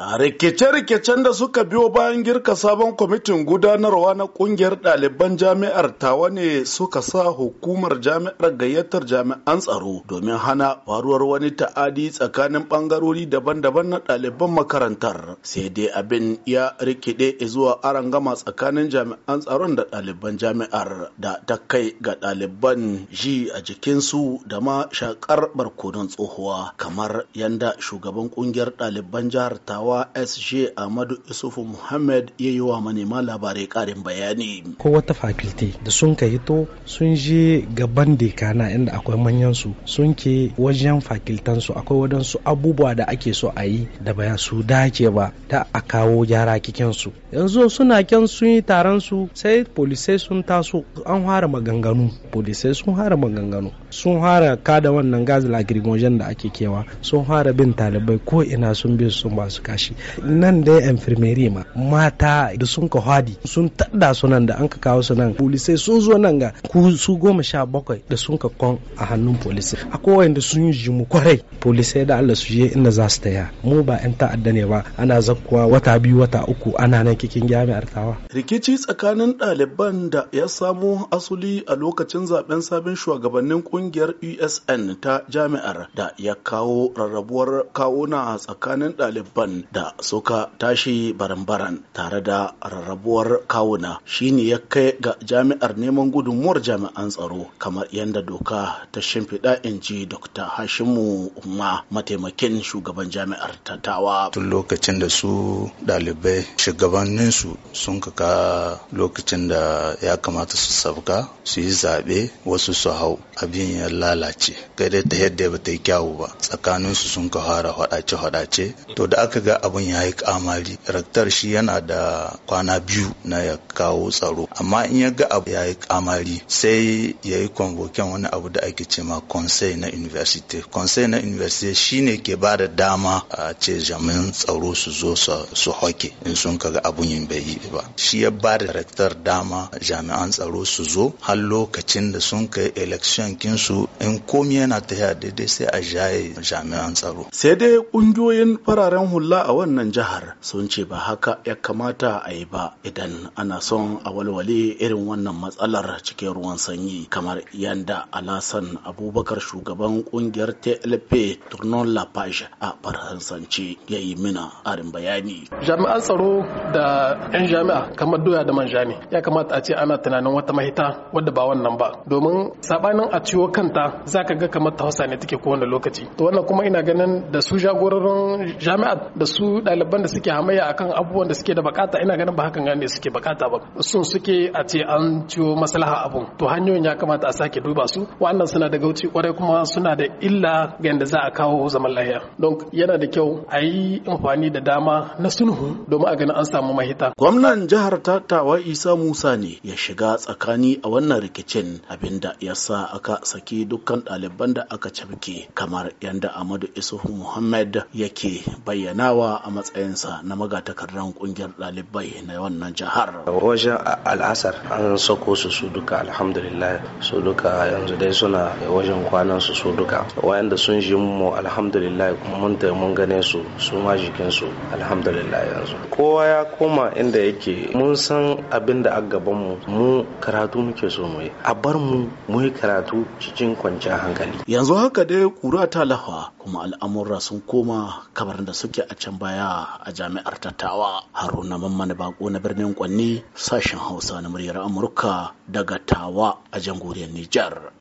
rikice-rikicen da suka biyo bayan girka sabon kwamitin gudanarwa na kungiyar ɗaliban jami'ar tawa ne suka sa hukumar jami'ar gayyatar jami'an tsaro domin hana faruwar wani ta'adi tsakanin ɓangarori daban-daban na ɗaliban makarantar sai dai abin ya rikide zuwa gama tsakanin jami'an tsaron da ɗaliban jami'ar da ta kai ga ɗaliban ji a jikinsu da ma shakar barkonon tsohuwa kamar yanda shugaban kungiyar ɗaliban jihar tawa tattaunawa sj ahmadu isufu muhammad ya yi wa manema labarai karin bayani ko wata faculty da sun ka to sun je gaban dekana inda akwai manyan su sun ke wajen fakiltan su akwai wadansu abubuwa da ake so a yi da baya su dace ba ta a kawo gyara kikin su yanzu suna kyan sun yi taron su sai polisai sun taso an fara maganganu polisai sun fara maganganu sun fara kada wannan gas wajen da ake kewa sun fara bin talibai ko ina sun bi sun ba su shi nan da ya infirmeri ma mata da sun ka hadi sun tadda su nan da an ka kawo su nan polisai sun zo nan ga ku su goma sha bakwai da sun ka kon a hannun polisai a kowai wanda sun yi jimu kwarai polisai da Allah su je inda za su taya mu ba yan ta'adda ne ba ana zakkuwa wata biyu wata uku ana nan kikin jami'ar tawa rikici tsakanin ɗaliban da ya samo asuli a lokacin zaben sabon shugabannin kungiyar USN ta jami'ar da ya kawo rarrabuwar kawuna tsakanin ɗaliban da suka tashi baran tare da rarrabuwar kawuna shine ya kai ga jami'ar neman gudunmuwar jami'an tsaro kamar yadda doka ta shimfiɗa in ji Dr. Hashimu Umma mataimakin shugaban jami'ar Tattawa. Tun lokacin da su ɗalibai shugabanninsu sun kaka lokacin da ya kamata su sabka su yi zaɓe wasu su hau abin ya lalace. Kai da ta yadda ba ta yi kyawu ba tsakaninsu sun ka fara haɗace faɗace to da aka ga abin ya yi kamari raktar shi yana da kwana biyu na ya kawo tsaro amma in ya ga abu ya yi kamari sai ya yi convoken wani abu da ake ce ma conseil na university konsai na university shine ke ba da dama a ce jamin tsaro su zo su hoke in sun ga abun yin bai yi ba shi ya ba da raktar dama jami'an tsaro su zo har lokacin da sun kai election kinsu in komi yana tafiya daidai sai a jaye jami'an tsaro sai dai kungiyoyin fararen hula a wannan jihar sun ce ba haka ya kamata a yi ba idan ana son a walwale irin wannan matsalar cikin ruwan sanyi kamar yanda alasan abubakar shugaban kungiyar tlp turnon la page a faransanci ya yi mina arin bayani jami'an tsaro da 'yan jami'a kamar doya da manja ne ya kamata a ce ana tunanin wata mahita wadda ba wannan ba domin sabanin a ciwo kanta zaka ga kamar ta ne take kowane lokaci to wannan kuma ina ganin da su jagororin jami'a da su ɗaliban da suke hamayya akan abubuwan da suke da bukata ina ganin ba hakan gane suke bukata ba su suke a ce an ciwo maslaha abun to hanyoyin ya kamata a sake duba su wannan suna da gauci kwarai kuma suna da illa ga yadda za a kawo zaman lahiya don yana da kyau a yi amfani da dama na sulhu domin a ganin an samu mahita gwamnan jihar ta tawa isa musa ne ya shiga tsakani a wannan rikicin abinda ya sa aka saki dukkan ɗaliban da aka cafke kamar yadda amadu isuhu muhammad yake bayyanawa yawa a matsayinsa na magatakardan kungiyar ɗalibai na wannan jihar. Wajen al'asar an sako su su duka alhamdulillah su duka yanzu dai suna wajen kwanan su su duka. Wayanda sun ji mu alhamdulillah kuma mun ta mun gane su su ma jikin su alhamdulillah yanzu. Kowa ya koma inda yake mun san abin da a gaban mu mu karatu muke so mu yi. A bar mu mu yi karatu cikin kwanciyar hankali. Yanzu haka dai kura ta lafa kuma al'amura sun koma kamar da suke a can kasashen baya a jami'ar tattawa haruna mamman bako na birnin kwanni sashen hausa na muryar amurka daga tawa a jamhuriyar nijar